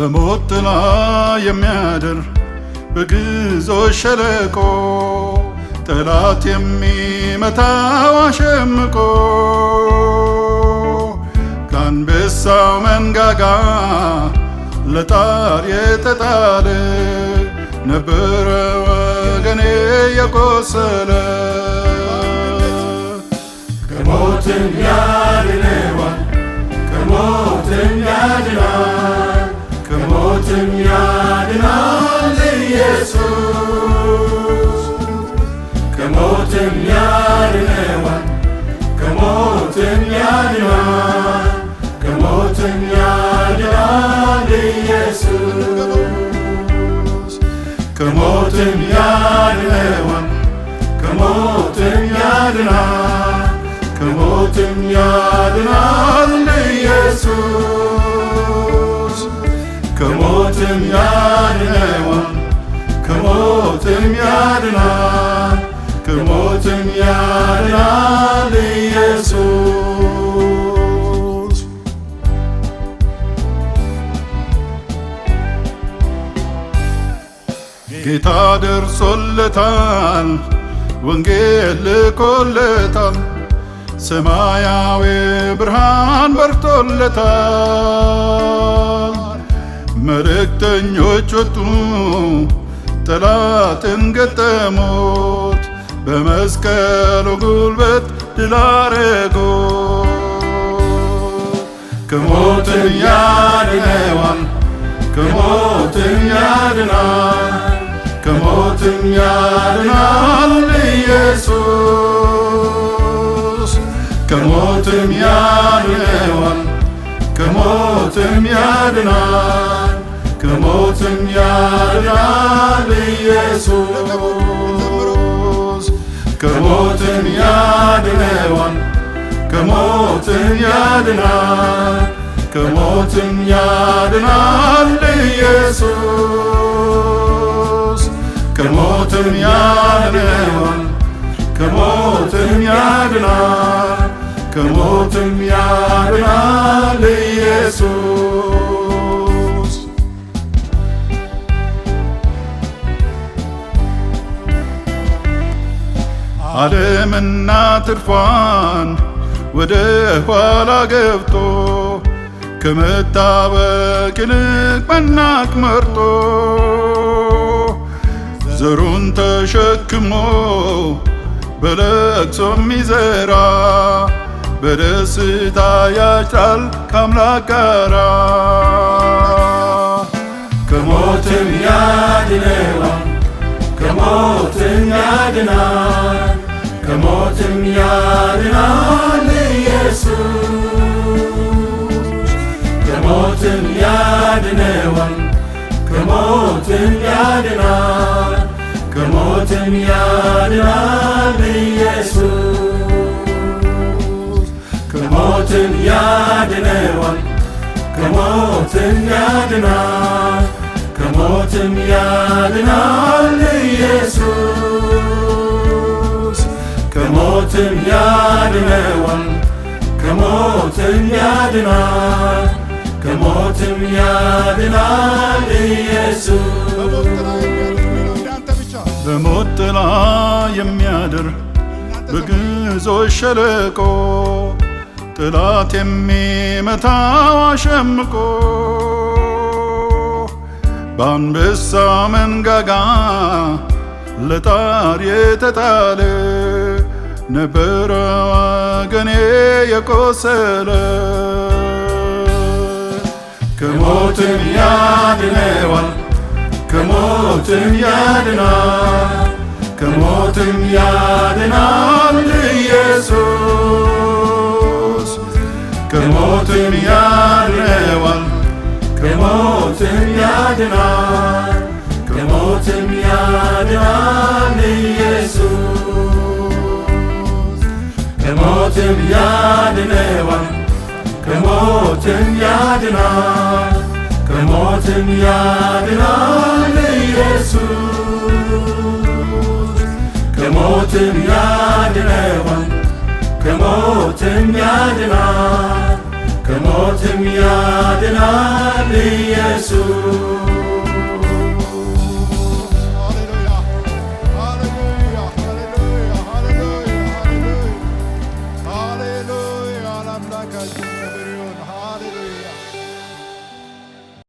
በሞት ጥላ የሚያድር በግዞሽ ሸለቆ ጠላት የሚመታው አሸምቆ ከአንበሳው መንጋጋ ለጣር የተጣለ ነበረ ወገኔ የቆሰለ ከሞትም ያድነዋል ከሞትም ያድናል ከሞትም ያድናል ኢየሱስ ከሞትም ያድነዋል ከሞትም ያድነዋል ከሞትም ያድናል ኢየሱስ ከሞትም ያድነዋል ከሞትም ያድናል ከሞትም ያድናል ኢየሱስ ከሞትም ያድነዋል ከሞትም ያድናል ከሞትም ያድናል ኢየሱስ ጌታ ደርሶለታል ወንጌል ልኮለታል ሰማያዊ ብርሃን በርቶለታል መልእክተኞች ወጡ፣ ጠላትን ገጠሙት፣ በመስቀሉ ጉልበት ድል አደረጎት። ከሞት ያድነዋል፣ ከሞት ያድናል፣ ከሞት ያድናል ኢየሱስ ከሞት ያድነዋል ከሞትም ያድናል ከሞትም ያድናል ኢየሱስ ከሞትም ያድነዋል ከሞትም ያድናል ከሞትም ያድናል ኢየሱስ ከሞትም ያድነዋል ከሞትም ያድናል ከሞትም ያድናል ኢየሱስ ዓለምና ትርፏን ወደ ኋላ ገብቶ ከመጣበቅ ይልቅ መናቅ መርጦ ዘሩን ተሸክሞ በለቅሶ የሚዘራ በደስታ ያጫል ከአምላክ ጋራ ከሞትም ያድነዋል ከሞትም ያድናል ከሞትም ያድናል ኢየሱስ ከሞትም ያድነዋል ከሞትም ያድናል ከሞትም ያድናል ኢየሱስ ከሞትም ያድነዋል ከሞትም ያድናል ከሞትም ያድናል ከሞትም ያድነዋል ከሞትም ያድናል ከሞትም ያድናል ኢየሱስ በሞት ጥላ የሚያድር በግዞሽ ሸለቆ ጥላት የሚመታው አሸምቆ በአንበሳ መንጋጋ ለጣር የተጣለ ነበረ ወገኔ የቆሰለ ከሞትም ያድነዋል ከሞትም ያድናል ከሞትም ያድናል ኢየሱስ ከሞትም ያድነዋል ከሞትም ያድናል ከሞትም ያድናል ከሞትም ያድነዋል ከሞትም ያድናል ከሞትም ያድናል ኢየሱስ ከሞትም ያድነዋል ከሞትም ያድናል ከሞትም ያድናል